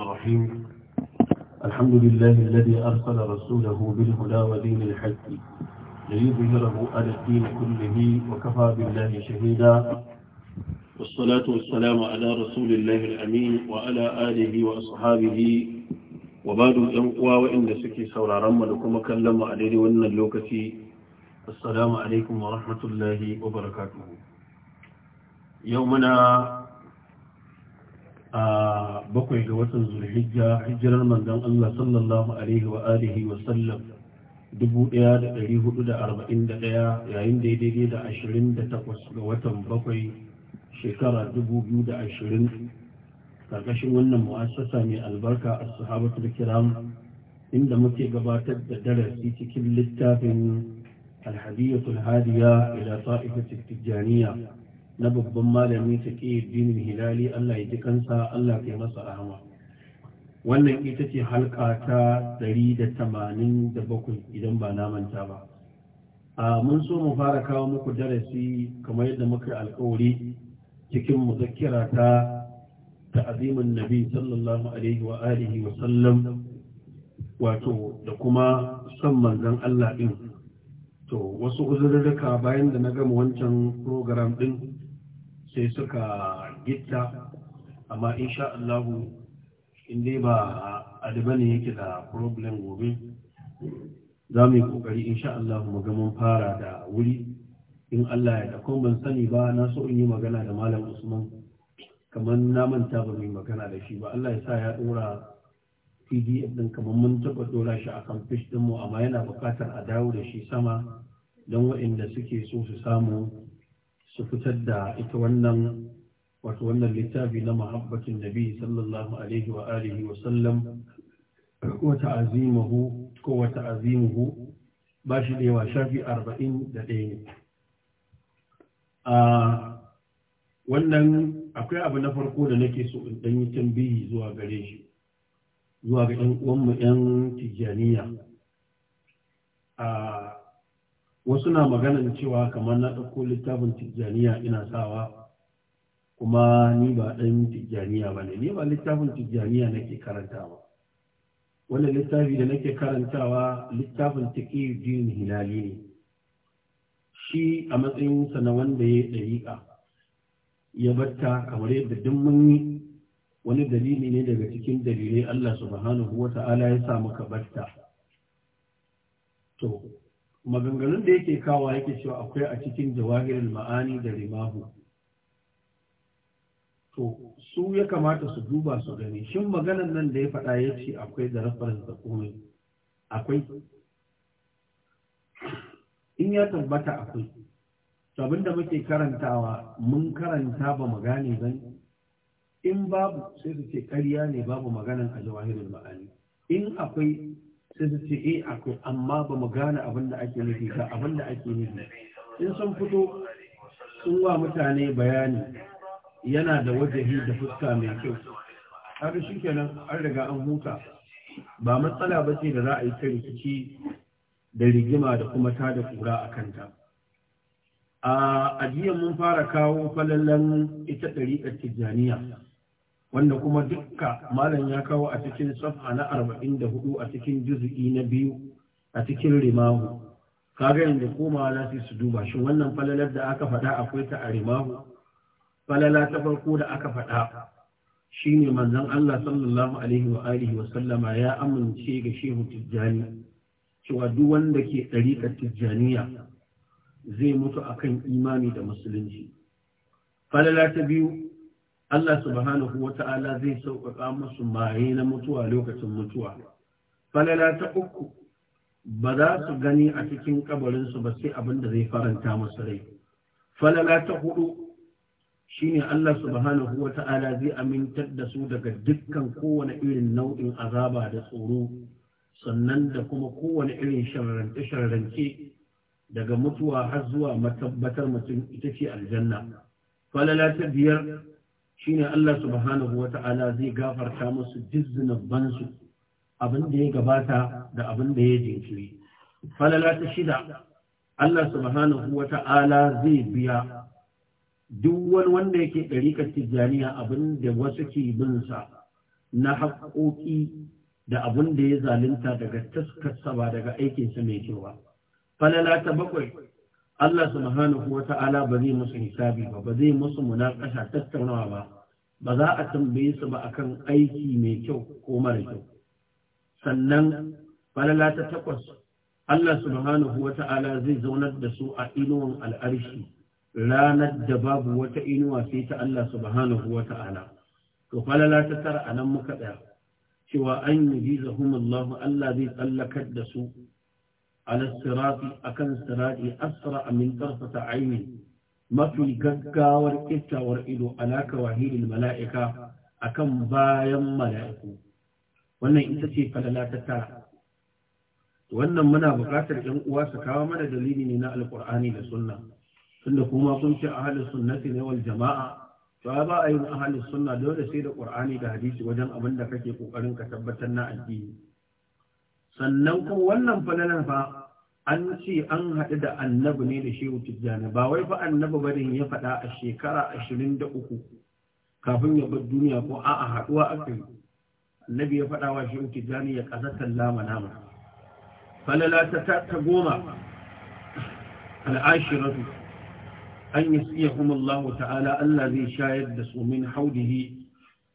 الرحيم الحمد لله الذي أرسل رسوله بالهدى ودين الحق ليظهره على الدين كله وكفى بالله شهيدا والصلاة والسلام على رسول الله الأمين وعلى آله وأصحابه وبعد الأنقوى وإن سكي سورا رمى لكم كلم عليه وإن اللوكة السلام عليكم ورحمة الله وبركاته يومنا a bakwai ga watan zulhijja hijirar manzon Allah sallallahu alaihi wa alihi wa sallam 1441 yayin da daidai da 28 ga watan bakwai shekara 2020 karkashin wannan mu'assasa mai albarka a sahabatul kiram inda muke gabatar da darasi cikin littafin alhadiyatul hadiya ila ta'ifatul tijaniya na babban malami ta dinin hilali Allah ya ji kansa Allah ya masa rahama wannan ita ce halka ta 187 idan ba na manta ba a mun so mu fara kawo muku darasi kamar yadda muka alkawari cikin muzakkira ta ta'azimin nabi sallallahu alaihi wa alihi wa sallam wato da kuma son manzon Allah din to wasu uzurruka bayan da na gama wancan program din sai suka gitta amma insha Allahu in dai ba adaba ne yake da problem gobe za mu yi kokari insha Allah mu ga mun fara da wuri in Allah ya da ban sani ba na so in yi magana da malam Usman kaman na manta ba mu yi magana da shi ba Allah ya sa ya dora PDF din kamar mun taba dora shi a kan fish din mu amma yana bukatar a dawo da shi sama don waɗanda suke so su samu su fitar da ita wannan wato wannan littafi na mahabbatin nabi sallallahu alaihi wa alihi wa sallam ko ta'azimuhu ko wa ta'azimuhu ba shi da yawa shafi ɗaya ne a wannan akwai abu na farko da nake so in dan yi tambayi zuwa gare shi zuwa ga ɗan uwanmu 'yan tijjaniya a wasu na maganin cewa kamar na ɗauko littafin tijjaniya ina sawa kuma ni ba ɗan tijjaniya ba ne ni ba littafin tijjaniya nake karantawa wannan littafi da nake karantawa littafin taƙiyuddin hilali ne shi a matsayinsa na wanda ya ɗariƙa ya batta kamar yadda duk mun yi wani dalili ne daga cikin dalilai Allah subhanahu wa ta'ala ya sa maka batta to maganganun da yake kawo yake cewa akwai a cikin jawahirin ma'ani da rimahu to su ya kamata su duba su gani shin maganan nan da ya faɗa ya ce akwai da reference da komai akwai in ya tabbata akwai to abinda muke karantawa mun karanta ba magani gane zan in babu sai su ce ƙarya ne babu maganan a jawahirin ma'ani in akwai sai ce eh akwai amma ba mu gane abin da ake nufi ba abin da ake nufi in sun fito sun wa mutane bayani yana da wajahi da fuska mai kyau Har shi kenan an riga an huta ba matsala ba ce da za a yi ta rikici da rigima da kuma ta da kura a kanta a ajiyar mun fara kawo falallan ita ɗariƙar tijjaniya wanda kuma dukka malam ya kawo a cikin safa na arba'in da hudu a cikin juzu'i na biyu a cikin rimahu kaga yadda komawa za su duba shi wannan falalar da aka faɗa akwai ta a rimahu falala ta farko da aka faɗa shine manzon Allah sallallahu alaihi wa alihi wa sallama ya amince ga shehu tijjani cewa duk wanda ke ɗariƙar tijjaniya zai mutu akan imani da musulunci falala ta biyu Allah subhanahu wa ta'ala zai sauƙaƙa musu maye na mutuwa lokacin mutuwa. Falala ta uku ba za su gani a cikin kabarinsu ba sai abin da zai faranta musu rai. Falala ta hudu shine Allah subhanahu wa ta'ala zai amintar da su daga dukkan kowane irin nau'in azaba da tsoro, sannan da kuma kowane irin sharrance-sharrance daga mutuwa har zuwa matabbatar mutum ita ce aljanna. Falala ta biyar shine Allah subhanahu Ta'ala zai gafarta musu jizzina bansu abin da ya gabata da abin da ya jinkiri falala ta shida Allah subhanahu Ta'ala zai biya duk wani wanda yake ɗarikar tijjaniya abin da wasu ke bin sa na haƙoƙi da abin da ya zalunta daga taskarsa ba daga aikinsa mai kyau ba. Falala ta bakwai Allah subhanahu wa ta'ala ba zai musu hisabi ba ba zai musu munakasha tattaunawa ba ba za a tambaye su ba akan aiki mai kyau ko mara kyau sannan falala ta takwas Allah subhanahu wa ta'ala zai zaunar da su a inuwan al'arshi ranar da babu wata inuwa sai ta Allah subhanahu wa ta'ala to falala ta tara a nan muka tsaya cewa an yi Allah Allah zai tsallakar da su على الصراط أكن الصراط أسرع من طرفة عين ما في قدقى والإتا والإلو على كواهير الملائكة أكن بايا ملائكة وأن إنتسي فلا لا تتاع وأن منا بقاتل إن أواسا كامل دليل على القرآن للسنة tunda kuma kun ce ahalin sunnati ne wal jama'a to ba a yin ahalin sunna dole sai da Ƙur'ani da hadisi wajen abin da kake kokarin ka tabbatar na addini sannan kuma wannan falalan fa an ce an haɗu da annabi ne da shehu tijjani ba wai fa annabi barin ya faɗa a shekara ashirin da uku kafin ya bar duniya ko a'a haɗuwa aka yi annabi ya faɗa wa shehu tijjani ya ƙasa tallama nama falala ta ta goma al'ashiratu an yi siyahum Allah ta'ala Allah zai shayar da su min haudihi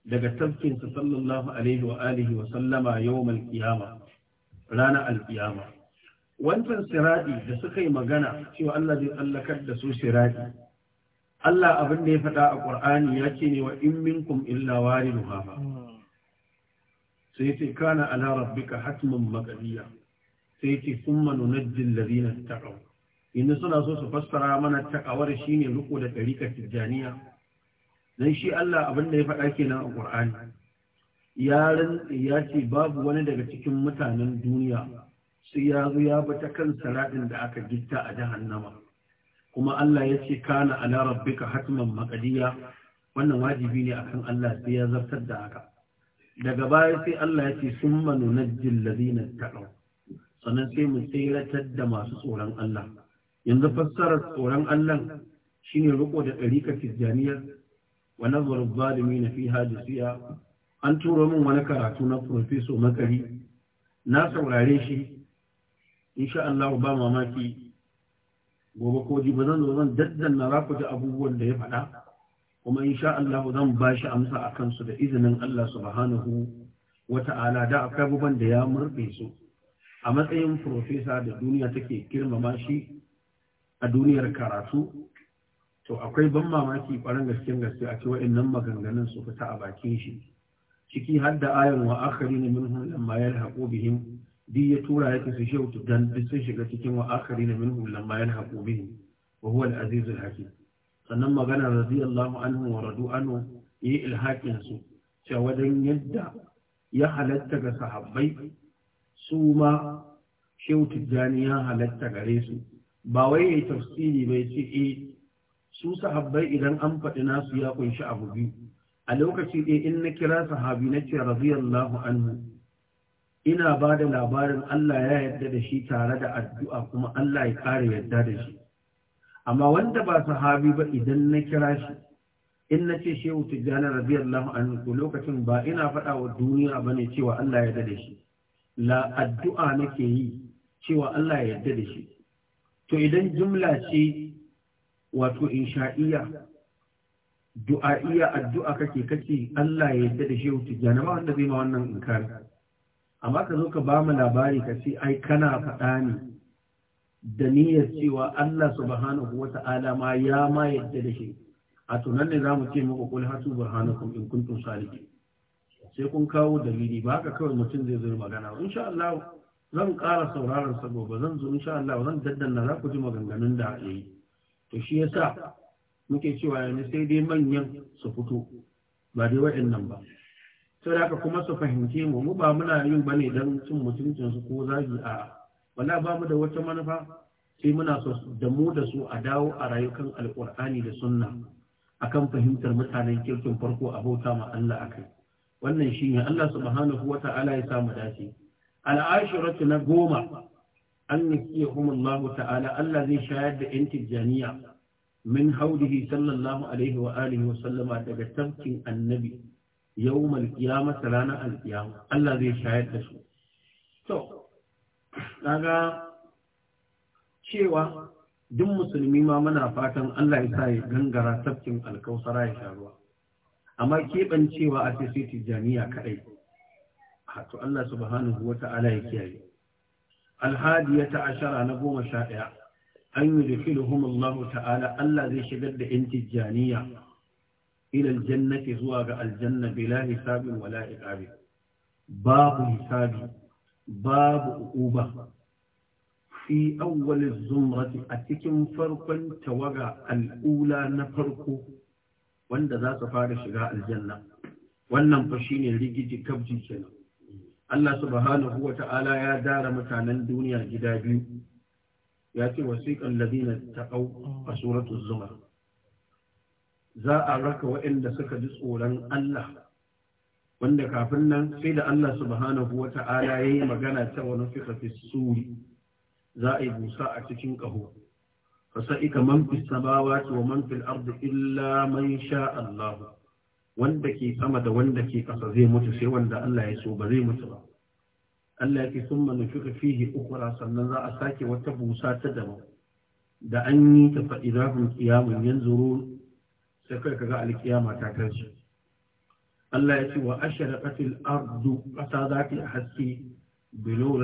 daga tafkinsa sallallahu alaihi wa alihi wa sallama yawmal qiyama ranar alqiyama wancan siraɗi da suka yi magana cewa Allah zai tsallakar da su siraɗi Allah abin da ya faɗa a ƙur'ani ya ce ne wa in minkum illa wari muhafa sai ce kana ala rabbika hatman maqdiya sai ce summa nunajjil ladina taqaw inda suna so su fassara mana takawar shine riko da ɗarikar tijjaniya dan shi Allah abin da ya faɗa kenan a ƙur'ani ya ya ce babu wani daga cikin mutanen duniya sai ya zo ya kan saraɗin da aka gitta a jahannama kuma Allah ya ce kana ala rabbika hatman maqdiya wannan wajibi ne akan Allah sai ya zartar da haka daga baya sai Allah ya ce summa nunajjil ladina taqaw sannan sai mu tsiratar da masu tsoron Allah yanzu fassarar tsoron Allah shine riko da ɗarika tijjaniya wa nazaru zalimin fiha jasiya an turo min wani karatu na professor makari na saurare shi insha Allah ba mamaki gobe ko ji bazan zo zan daddanna za ku ji abubuwan da ya faɗa kuma insha Allah zan ba shi amsa a kansu da izinin Allah subhanahu wa ta'ala da akwai abubuwan da ya murbe su a matsayin profesa da duniya take girmama shi a duniyar karatu to akwai ban mamaki ƙwarin gaskiyar gaske a ce wa'annan maganganun su fita a bakin shi ciki har da ayon wa akhari na minhum lamma yalhaqu bihim duk ya tura yake su shehu dan duk sun shiga cikin wa akari na minhum lamma yalhaqu bihi wa huwa al hakim sannan magana radiyallahu anhu wa radu anhu yi ilhakin su cewa wajen yadda ya halatta ga sahabbai su ma shehu tijjani ya halatta gare su ba wai yayi tafsiri bai ce eh su sahabbai idan an faɗi nasu ya kunshi abu biyu a lokaci ɗaya in na kira sahabi na ce radiyallahu anhu ina ba da labarin Allah ya yarda da shi tare da addu'a kuma Allah ya ƙara yarda da shi. Amma wanda ba sahabi ba idan na kira shi, in na ce shehu tijjani radiyallahu anhu lokacin ba ina faɗa wa duniya ba ne cewa Allah ya yarda da shi. La addu'a nake yi cewa Allah ya yarda da shi. To idan jumla ce wato insha'iyya iya addu'a kake kake Allah ya yarda da shehu tijjani ba wanda zai ma wannan inkari. amma ka zo ka ba mu labari ka ce ai kana faɗa ne da niyyar cewa Allah subhanahu wa ta'ala ma ya ma yadda da shi a tunan ne za mu ce muku kul hatu burhanakum in kuntum salihin sai kun kawo dalili ba haka kawai mutum zai zo magana insha Allah zan ƙara sauraron sa gobe zan zo insha Allah zan daddanna za ku ji maganganun da yi to shi yasa muke cewa yanzu sai dai manyan su fito ba dai waɗannan ba sau da kuma su fahimce mu mu ba muna yi ba ne don cin mutuncinsu ko zagi a wala ba mu da wata manufa sai muna so da mu da su a dawo a rayukan alkur'ani da sunna akan fahimtar mutanen kirkin farko a bauta ma Allah akai wannan shine Allah subhanahu wata'ala ya samu dace al'ashiratu na goma an nasiyahum Allah ta'ala Allah zai shayar da yan tijjaniya min haudihi sallallahu alaihi wa alihi wa sallama daga tafkin annabi yawmal qiyamah ranar alqiyama Allah zai shayar da su to ga cewa duk musulmi ma muna fatan Allah ya sa ya gangara tafkin alkausara ya sha ruwa amma keɓancewa a tafiti jami'a kaɗai to Allah subhanahu wa ta'ala ya kiyaye alhadiya ta ashara na goma sha ɗaya an yi da Allah ta'ala Allah zai shigar da ‘yan tijjaniya ila aljannati zuwa ga aljanna bila hisabin wala iqabi babu hisabi babu uba fi awwal az-zumrati a cikin farkon tawaga al'ula na farko wanda za su fara shiga aljanna wannan fa shine rigiji kabji kenan Allah subhanahu wa ta'ala ya dara mutanen duniya gida biyu ya ce wasiqan ladina taqaw a suratul zumar za a raka waɗanda suka ji tsoron Allah wanda kafin nan sai da Allah subhanahu wa ta'ala ya yi magana ta wani fika fi suri za a yi busa a cikin ƙaho fasa'ika man fi samawati wa man fil ardi illa man sha Allah wanda ke sama da wanda ke ƙasa zai mutu sai wanda Allah ya so ba zai mutu ba Allah ya ce sun manufika fihi ukura sannan za a sake wata busa ta daban da an yi ta fa'idahun kiyamun yanzu sai kai ka ga alkiyama ta tashi Allah ya ce wa ashraqatil ardu ƙasa za ta haske بنور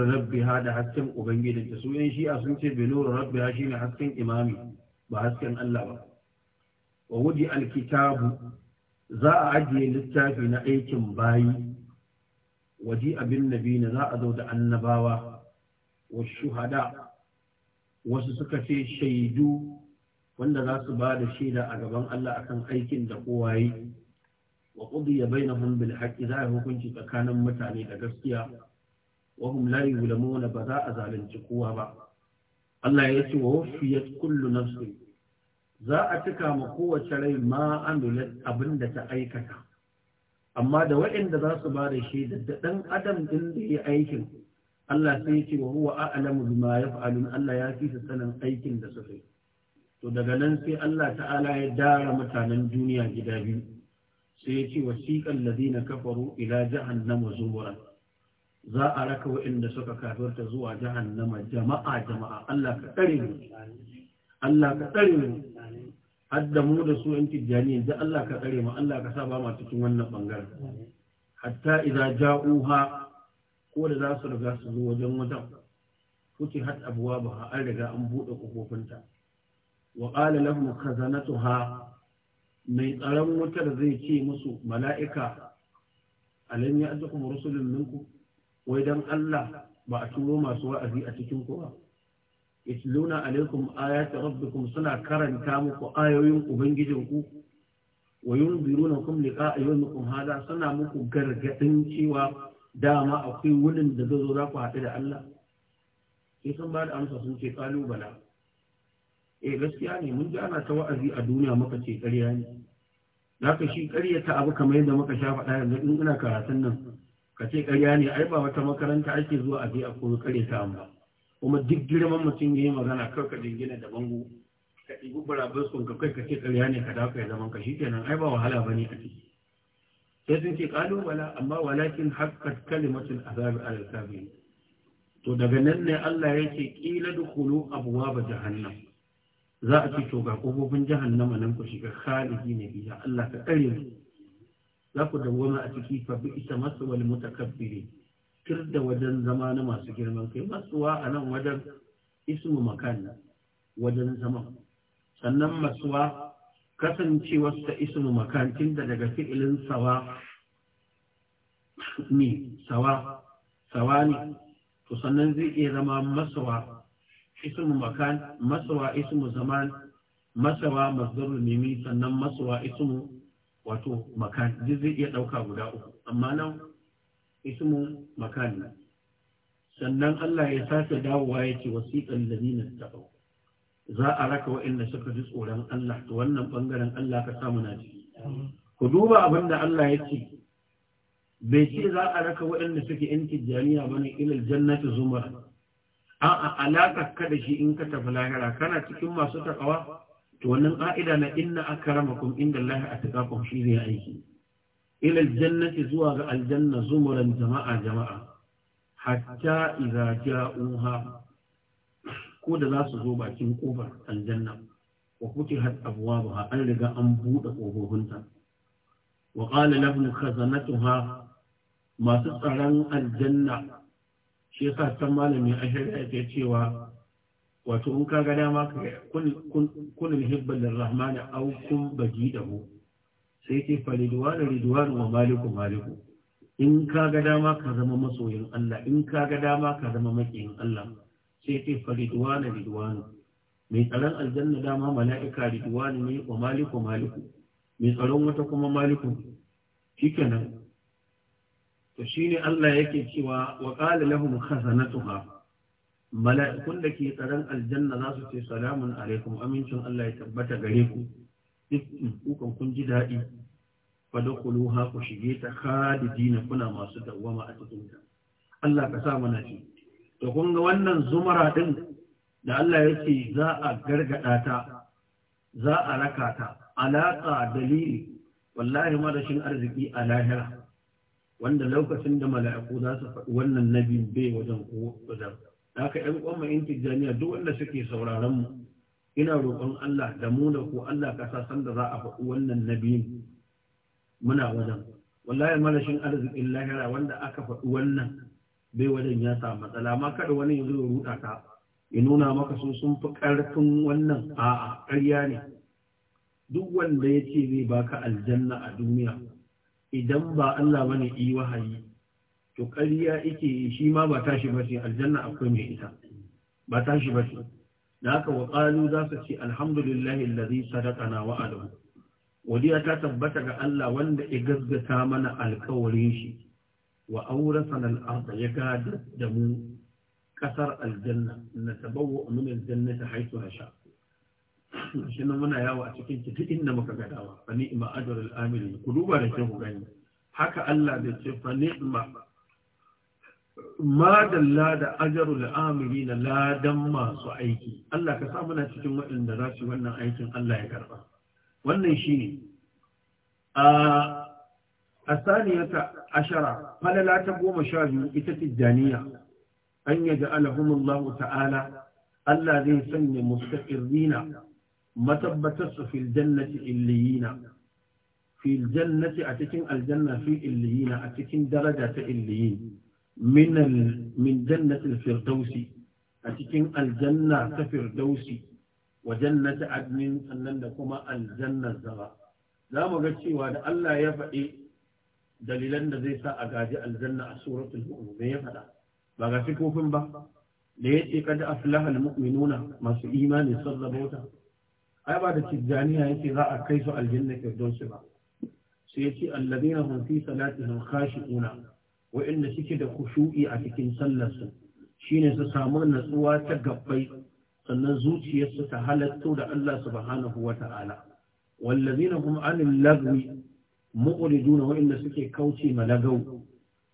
da hasken ubangijin ta su yan shi'a sun ce binur rabbiha shine hasken imami ba hasken Allah ba wa wudi alkitabu za a ajiye littafi na aikin bayi waji abin nabi na za a zo da annabawa wa shuhada wasu suka ce shaidu wanda za su ba da shaida a gaban Allah akan aikin da kowa yi wa qudiya bainahum bil haqqi za hukunci tsakanin mutane da gaskiya wa hum la yuzlamuna ba za a zalunci kowa ba Allah ya ce wa wafiyat kullu nafsin za a cika ma kowace rai ma amilat abin da ta aikata amma da waɗanda za su ba da shaida da ɗan adam ɗin da ya aikin Allah sai ya ce wa huwa a'lamu bima yaf'alun Allah ya fi sanin aikin da suka yi to daga nan sai Allah ta'ala ya dara mutanen duniya gida biyu sai ya ce wasiƙan ladina kafaru ila jahannama zuwa. za a raka waɗanda suka kafirta zuwa jahannama jama'a jama'a Allah ka tsare mu Allah ka tsare mu hadda mu da su yan tijjani da Allah ka tsare mu Allah ka sa ba mu cikin wannan bangaren hatta idza ja'uha ko da za su riga su zo wajen wajen fuki hat abuwa ba an riga an buɗe kofofinta wa qala lahum khazanatuha mai tsaron wutar zai ce musu mala'ika alam ya'tukum rusulun minkum wai dan Allah ba a turo masu wa'azi a cikin ku ba yatluna alaikum ayati rabbikum suna karanta muku ayoyin ubangijinku wa yunzirunakum liqa'a yawmikum hada suna muku gargadin cewa dama akwai wurin da zai zo za ku haɗu da Allah sai sun ba da amsa sun ce ƙalubala. eh gaskiya ne mun ji ana ta wa'azi a duniya maka ce ƙarya ne za ka shi ta abu kamar yadda muka sha faɗa yanzu in ina karatun nan ka ce ƙarya ne ai ba wata makaranta ake zuwa a je a koyi ta amma, kuma duk girman mutum ya yi magana kar ka dingina da bango ka ɗibi burabuskun ka kai ka ce ƙarya ne ka dafa ya ka shi kenan ai ba wahala ba ne a ciki sai sun ce ƙalubala amma walakin haƙƙat kalimatul azabi alal kafirin to daga nan ne Allah yake ƙila dukulu abuwa ba jahannam za a ce to ga kofofin jahannama nan ku shiga khalidi ne biya Allah ka kare mu za ku dawwama a ciki fa bi masu wal mutakabbiri kir da wajen zama na masu girman kai masuwa a nan wajen ismu makan wajen zama sannan masuwa ta ismu makan tun da daga fi'ilin sawa ne sawa sawa ne to sannan zai iya zama masuwa. اسم makan masawa اسم zaman masawa مصدر mimi sannan masawa اسم wato مكان duk zai iya ɗauka guda uku amma nan ismu sannan Allah ya sake dawowa ya ce wasiƙan lalina ta za a raka waɗanda suka ji tsoron Allah ta wannan ɓangaren Allah ka samu na ciki ku duba abin Allah ya ce bai ce za a raka waɗanda suke ‘yan tijjaniya ba ne ilal jannati zumar a'a alaƙar ka da shi in ka tafi lahira kana cikin masu takawa to wannan ƙa'ida na inna akramakum inda Allah atqakum shi ne aiki ila aljannati zuwa ga aljanna zumuran jama'a jama'a hatta idza ja'uha ko da za su zo bakin kofar aljanna wa futihat abwabuha an riga an buɗe kofofinta wa qala lahum khazanatuha masu tsaron aljanna shi yasa san malamin ya ke cewa wato in kaga dama ka kun hibban lirrahman aw kun bajidahu sai ce fa ridwan ridwan wa maliku maliku in kaga dama ka zama masoyin Allah in kaga dama ka zama makiyin Allah sai ce fa ridwan ridwan mai tsaron aljanna dama mala'ika ridwan ne wa maliku maliku mai tsaron wata kuma maliku shikenan to shine Allah yake cewa wa qala lahum khazanatuha mala'ikun da ke tsaron aljanna za su ce salamun alaikum amincin Allah ya tabbata gare ku kukan kun ji daɗi fadakuluha ku shige ta khalidina kuna masu dawama a cikin ta Allah ka sa mana shi to kun ga wannan zumara din da Allah yake za a gargada ta za a raka ta alaƙa dalili wallahi ma rashin arziki a lahira wanda lokacin da mala'iku za su faɗi wannan nabi bai wajen wajen haka ƴan ƙwamma in tijjaniya duk wanda suke sauraron mu ina roƙon Allah da mu da ku Allah ka sa san da za a faɗi wannan nabi muna wajen wallahi malashin arzikin lahira wanda aka faɗi wannan bai wajen ya sa matsala ma kada wani ya zo ya ruɗa ka ya nuna maka su sun fi ƙarfin wannan a'a ƙarya ne duk wanda ya ce zai baka aljanna a duniya idan ba Allah bane yi wahayi to ƙarya yake shi ma ba tashi ba ce aljanna akwai mai ita ba tashi ba ce da haka wa ƙalu za su ce alhamdulillahi allazi sadaqana wa alam wadiya ta tabbata ga Allah wanda ya gaggata mana alƙawarin shi wa awrasana al ya gada da mu ƙasar aljanna na tabawwa min aljanna haythu nasha shi nan muna yawo a cikin ki duk inda muka ga dawa fa ni'ma ajrul amil ku duba da ke ku gani haka Allah da ce fa ni'ma ma dalla da ajrul amilin ladan masu aiki Allah ka sa muna cikin waɗanda za su wannan aikin Allah ya karba wannan shine a asaniyata ashara falala ta goma sha biyu ita tijjaniya an yaja alahumullahu ta'ala Allah zai sanya mustaqirrina matabbatar su fil jannati illiyina fil jannati a cikin aljanna fi illiyina a cikin daraja ta illiyin min jannatin firdausi a cikin aljanna ta firdausi wa jannati adnin sannan da kuma aljannar zaba za mu ga cewa da Allah ya faɗi dalilan da zai sa a gaji aljanna a suratul mu'min me ya faɗa ba ga sifofin ba da yace kad aflaha almu'minuna masu imani sun rabauta ai ba da tijjaniya yake za a kai su aljanna ke su ba su yace alladina hum fi salatihim khashi'una wa inna shike da khushu'i a cikin sallar su shine su samu natsuwa ta gabai sannan zuciyarsu ta halatto da Allah subhanahu wata'ala walladina hum anil lagwi mu'riduna wa inna suke kauce ma lagaw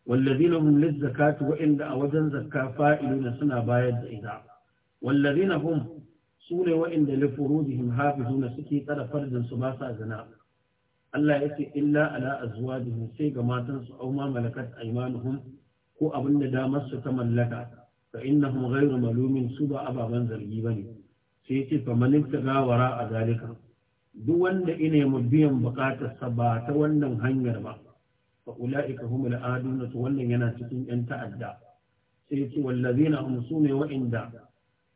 walladina hum lil zakati wa inda a wajen zakka fa'iduna suna bayar da ida walladina hum su ne wa'inda li furujihim hafizuna suke tsara farjin su ba sa zina Allah ya ce illa ala azwajihim sai ga matan su au ma malakat aymanuhum ko abin da damar su ta mallaka fa innahum ghayru malumin su ba ababan zargi bane sai ce fa man gawara wara a zalika duk wanda ina mu biyan sa ba ta wannan hanyar ba fa ulaika humul aduna wannan yana cikin yan ta'adda sai ce wallazina hum sune wa'inda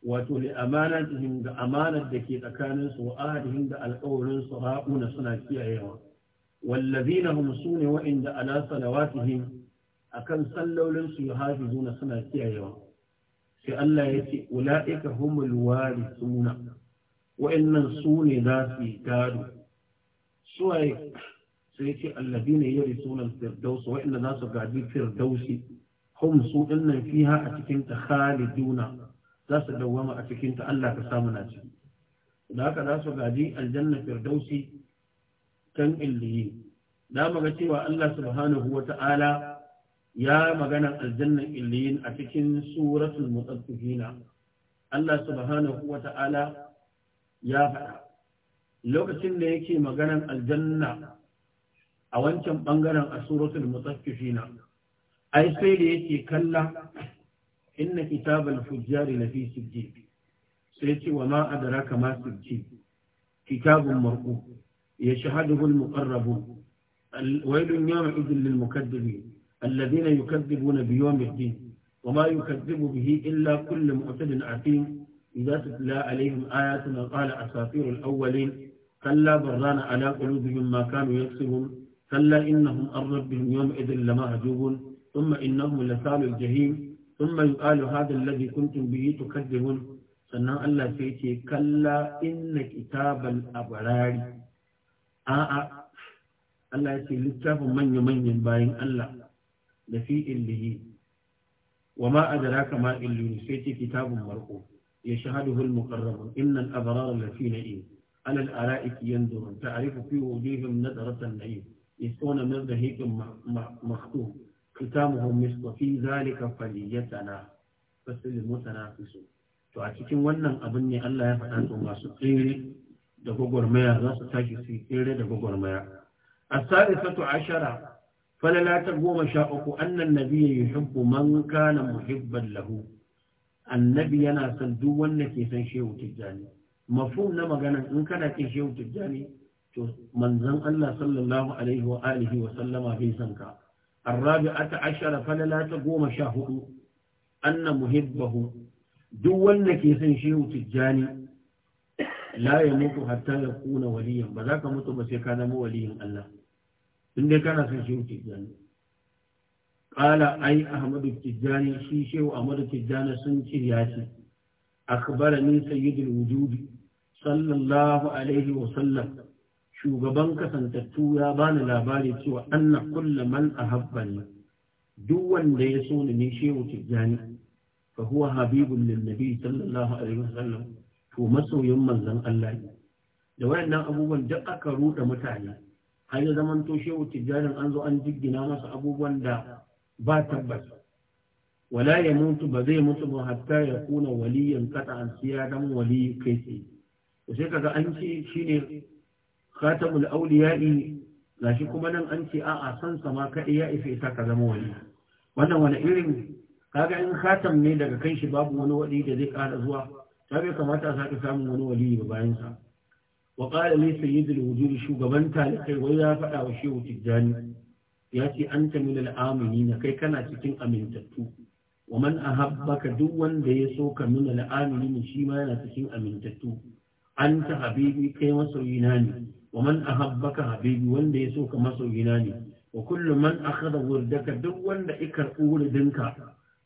wato li amanatihim ga amanar da ke tsakanin su ahadihim da alƙawarin su ra'una suna kiyayewa wallazina hum sune wa'inda ala salawatihim akan sallolin su yuhafizuna suna kiyayewa sai Allah ya ce ulaika humul warithuna wa'annan sune za su yi gado suwaye sai ce allazina yarithuna firdaus wa'anda za su gaji firdausi hum su dinnan fiha a cikin ta khaliduna za su dawwama a cikin ta Allah ka samu na ci da haka za su gaji aljanna firdausi kan illiyi da maga cewa Allah subhanahu wa ta'ala ya magana aljannan illiyin a cikin suratul mutaffifina Allah subhanahu wa ta'ala ya faɗa lokacin da yake maganan aljanna a wancan bangaren a suratul mutaffifina ai sai da yake kalla إن كتاب الفجار لفي سجين سيتي وما أدراك ما سجين كتاب مرقوب يشهده المقربون ويل يومئذ للمكذبين الذين يكذبون بيوم الدين وما يكذب به إلا كل معتد عتيم إذا تتلى عليهم آياتنا قال أساطير الأولين كلا بران على قلوبهم ما كانوا يكسبون كلا إنهم عن ربهم يومئذ لمهجوبون ثم إنهم لسال الجهيم ثم يقال هذا الذي كنتم به تكذبون sannan Allah sai ce kalla inna kitabal abrari a'a Allah ya ce littafin manya manyan bayan Allah da fi illihi wa ma adraka ma illuni sai ce kitabun marqu yashhaduhu al muqarrabun innal abrara lafi na'im ala al ara'ik yanzurun ta'rifu fi wujuhihim nadratan na'im yasquna min dhahiqin mahtum kitamuhum misqa fi zalika faliyatana na mutanafisu to a cikin wannan abin ne Allah ya faɗa to masu tsere da gwagwarmaya za su tashi su tsere da gwagwarmaya as-salisatu ashara falala ta goma sha uku annan nabiyyu yuhibbu man kana muhibban lahu annabi yana son duk wanda ke son shehu tijjani mafhum na magana in kana kin shehu tijjani to manzon Allah sallallahu alaihi wa alihi wa sallama bai san ka الرابعة عشر فللا تقوم شاهد أن مهبه دول كيسن شيء تجاني لا يموت حتى يكون وليا بذاك موت بس كان مو وليا الله إن كان سن شيء تجاني قال أي أحمد التجاني شي شيء أحمد التجاني سن شرياتي أخبرني سيد الوجود صلى الله عليه وسلم shugaban kasantattu ya bani labari cewa anna kulla man habbani. duk wanda ya so ni shehu tijjani fa huwa habibun lin nabi sallallahu alaihi wasallam to masoyin manzon Allah ne da wayannan abubuwan duk aka ruda mutane har ya zaman to shehu Tijjani an zo an jiggina masa abubuwan da ba tabbas wala ya mutu ba zai mutu ba hatta ya kuna waliyan siya siyadan wali kai sai to sai kaga an ce shine khatamul auliya'i gashi kuma nan ance ce a'a san sa ma kaɗai ya isa isa ka zama wani wannan wani irin kaga in khatam ne daga kan shi babu wani wali da zai ƙara zuwa ta bai kamata a sake samun wani wali ba bayan sa wa qala li sayyidul wujudi shugaban talikai wai ya faɗa wa shehu tijjani ya ce anta min al-aminin kai kana cikin amintattu Waman a ahabbaka duk wanda ya so ka min al-aminin shi yana cikin amintattu anta habibi kai masoyina ne wa man ahabbaka habibi wanda ya so ka masoyina ne wa kullu man akhadha wurdaka duk wanda ya karbi wurdinka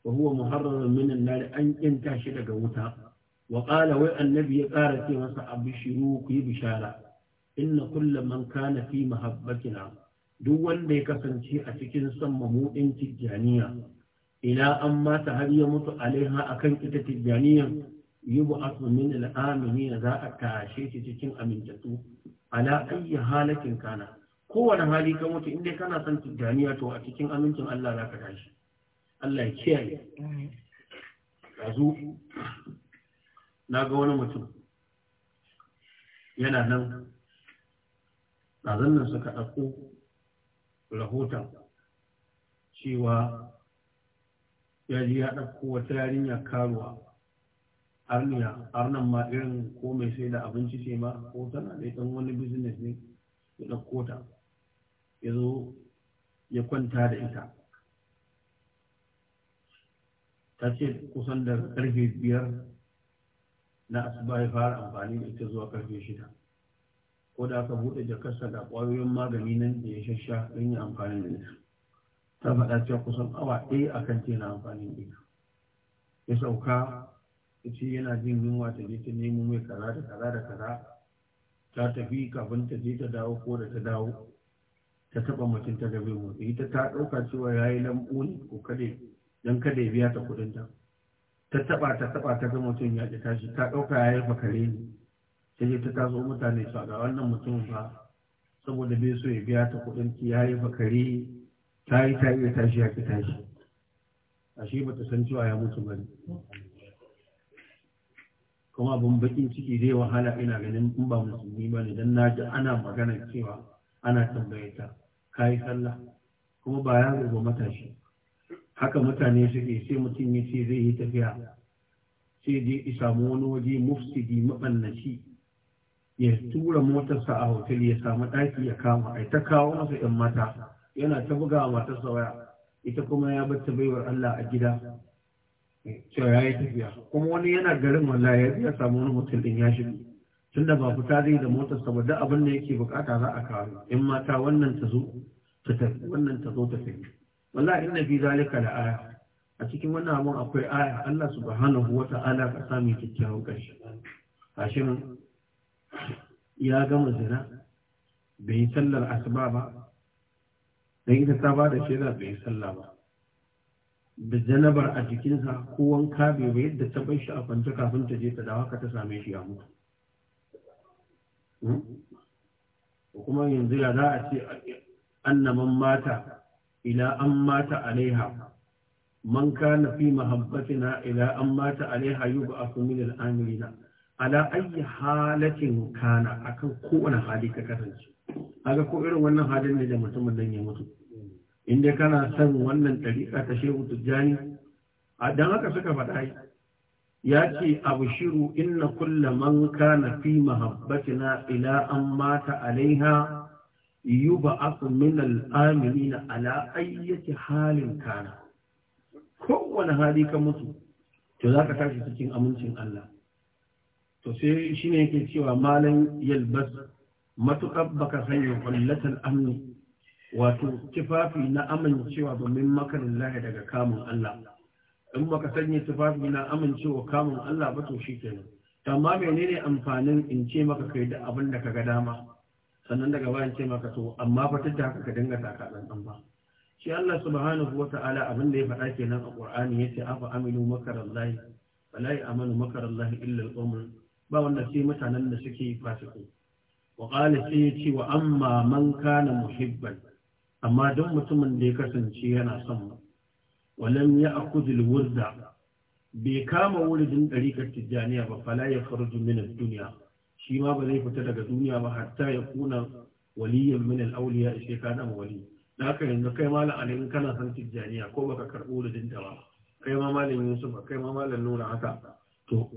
wa huwa muharrarun minan nar an kinta shi daga wuta Waƙala wai annabi ya ƙara ce masa abishiru ku yi bishara inna kullu man kana fi mahabbatina duk wanda ya kasance a cikin son mamudin tijjaniya Ina an mata har ya mutu alaiha akan ita tijjaniyan yi wa asumin al'amini za a tashe shi cikin amintattu ala ayyi halakin kana kowane hali ka mutu inda kana son tijjaniya to a cikin amincin Allah za ka tashi Allah ya kiyaye yanzu na ga wani mutum yana nan ɗazannan suka ɗauko rahoton cewa ya ji ya ɗauko wata yarinya karuwa har nan ma irin ko mai sai da abinci ce ma ko tana da ɗan wani business ne ya ɗauko ta ya zo ya kwanta da ita ta ce kusan da ƙarfe biyar na asuba ya fara amfani da ita zuwa ƙarfe shida ko da aka buɗe jakarsa da ƙwayoyin magani nan da ya shasha don yi amfani da ita ta faɗa cewa kusan awa ɗaya akan tena amfani da ita ya sauka ta yana jin yunwa ta je ta nemo mai kaza da kaza da kaza ta tafi kafin ta je ta dawo ko da ta dawo ta taba mutum ta gabe mu ita ta ɗauka cewa ya yi lambu ne ko kade don kada ya biya ta kuɗin ta ta taba ta taba ta ga mutum ya ƙi tashi ta ɗauka ya yi bakare ne ta je ta taso mutane su ga wannan mutum ba saboda bai so ya biya ta kuɗin ki ya yi bakare ta yi ta iya tashi ya ƙi tashi ashe ba ta san cewa ya mutu ba ne kuma abin bakin ciki zai wahala ina ganin in ba musulmi ba ne don na ji ana magana cewa ana tambayata ka yi sallah kuma ba ya ba matashi haka mutane suke sai mutum ya ce zai yi tafiya sai je samu wani waje mufsidi mabannaci ya tura motarsa a hotel ya samu ɗaki ya kama Aita ta kawo masa 'yan mata yana ta buga matarsa waya ita kuma ya bar ta baiwar Allah a gida cewa ya yi tafiya kuma wani yana garin wallahi ya samu wani mutum din ya shigo tun da ba fita zai da motar sa abin da yake bukata za a kawo in mata wannan ta zo ta tafi wannan ta zo ta tafi wallahi inna fi zalika la aya a cikin wannan abun akwai aya Allah subhanahu wa ta'ala ka sami kikkiawan karshe Hashim ya gama zina bai yi sallar asuba ba dan ita ta ba da shaida bai yi sallah ba da janabar a jikinsa ko wanka bai ba yadda ta bai shi a kwanci kafin ta je ta dawo ka ta same shi a mutu hmm? kuma yanzu ya za a ce annaman mata ila an mata alaiha man kana fi mahabbatina ila an mata alaiha yub'athu min al a ala ayi halakin kana akan kowane hali ka kasance ga ko irin wannan halin ne da mutumin nan ya mutu inda kana son wannan ɗariƙa ta shehu tijjani a don haka suka faɗa ya ce abu shiru inna kulla man na fi mahabbatina ila an mata alaiha yuba'athu min al-amilina ala halin kana kowane hali ka mutu to za ka tashi cikin amincin Allah to sai shi ne yake cewa malan yalbas matuƙar baka sanya kwallatar amni wato tufafi na amincewa domin makarin lahi daga kamun Allah in baka sanya tufafi na amincewa kamun Allah ba to shikenan amma menene amfanin in ce maka kai da abin da kaga dama sannan daga bayan ce maka to amma fa da haka ka dinga taka dan ba shi Allah subhanahu wata'ala abin da ya faɗa kenan a Qur'ani yace afa aminu makarallahi wala amanu makarallahi illa al-umr ba wanda sai mutanen da suke fasiki wa qala sai yace wa amma man kana muhibban amma don mutumin da ya kasance yana son mu walam ya akudul wurda bai kama wuridin ɗarikar tijjaniya ba fala ya faru min duniya shi ma ba zai fita daga duniya ba hatta ya kuna waliyan min al-awliya sai ka dama wali da haka yanzu kai malam alimin kana san tijjaniya ko baka karbo wuridin ta ba kai ma malam yusuf kai ma malam nura haka to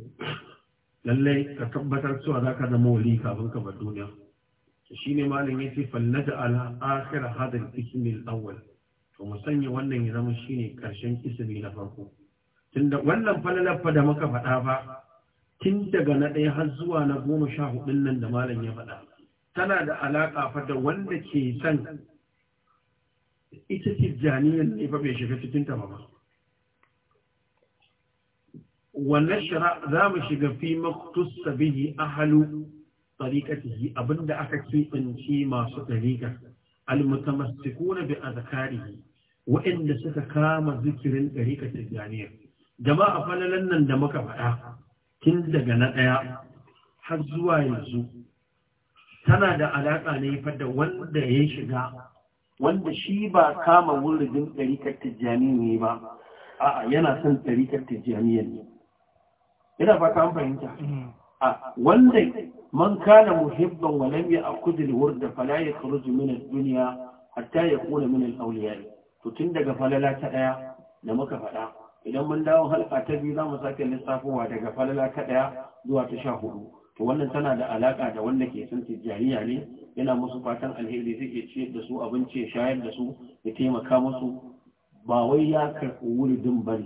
lallai ka tabbatar cewa zaka zama wali kafin ka bar duniya shi ne malam ya ce fallata ala akhir hadal ismi al to mu sanya wannan ya zama shine karshen ismi na farko tunda wannan falalar da muka faɗa ba tun daga na ɗaya har zuwa na goma sha hudun nan da malam ya faɗa tana da alaƙa fa da wanda ke san ita tijjaniyar ne fa bai shiga cikin ta ba wannan shara za mu shiga fi maktus sabihi ahalu tariqatihi abinda aka keɓance masu tariqa almutamassikuna bi azkarihi Waɗanda suka kama zikirin tariqa tijaniya jama'a falalan nan da muka faɗa tun daga na ɗaya har zuwa yanzu tana da alaƙa na fa da wanda ya shiga wanda shi ba kama wurin ɗarikar tijjani ne ba a'a yana son ɗarikar tijjaniya ne yana fata an fahimta a wanda man kana muhibban wa lam ya'khudh al-wurd fala yakhruju min ad-dunya hatta yakuna min al to tun daga falala ta ɗaya da muka faɗa idan mun dawo halka ta biyu zamu sake lissafowa daga falala ta ɗaya zuwa ta sha hudu to wannan tana da alaka da wanda ke son tijjaniya ne yana musu fatan alheri zai iya ciyar da su abinci shayar da su ya taimaka musu ba wai ya karɓi wuridin ba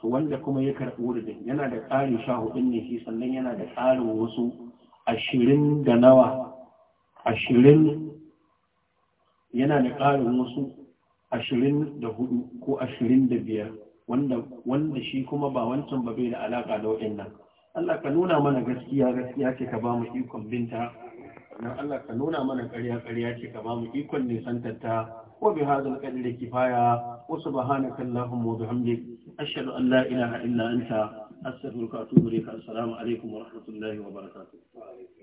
to wanda kuma ya karɓi wuridin yana da ƙarin sha hudun ne shi sannan yana da ƙarin wasu ashirin da nawa ashirin yana da ƙarin wasu ashirin da hudu ko ashirin da biyar wanda shi kuma ba wancan ba bai da alaƙa da waɗannan Allah ka nuna mana gaskiya gaskiya ce ka ba mu ikon binta nan Allah ka nuna mana ƙarya ƙarya ce ka ba mu ikon nisantarta ko bi hadal qadri kifaya wa subhanaka allahumma wa bihamdik ashhadu an la ilaha illa anta أستغفرك وأتوب السلام عليكم ورحمة الله وبركاته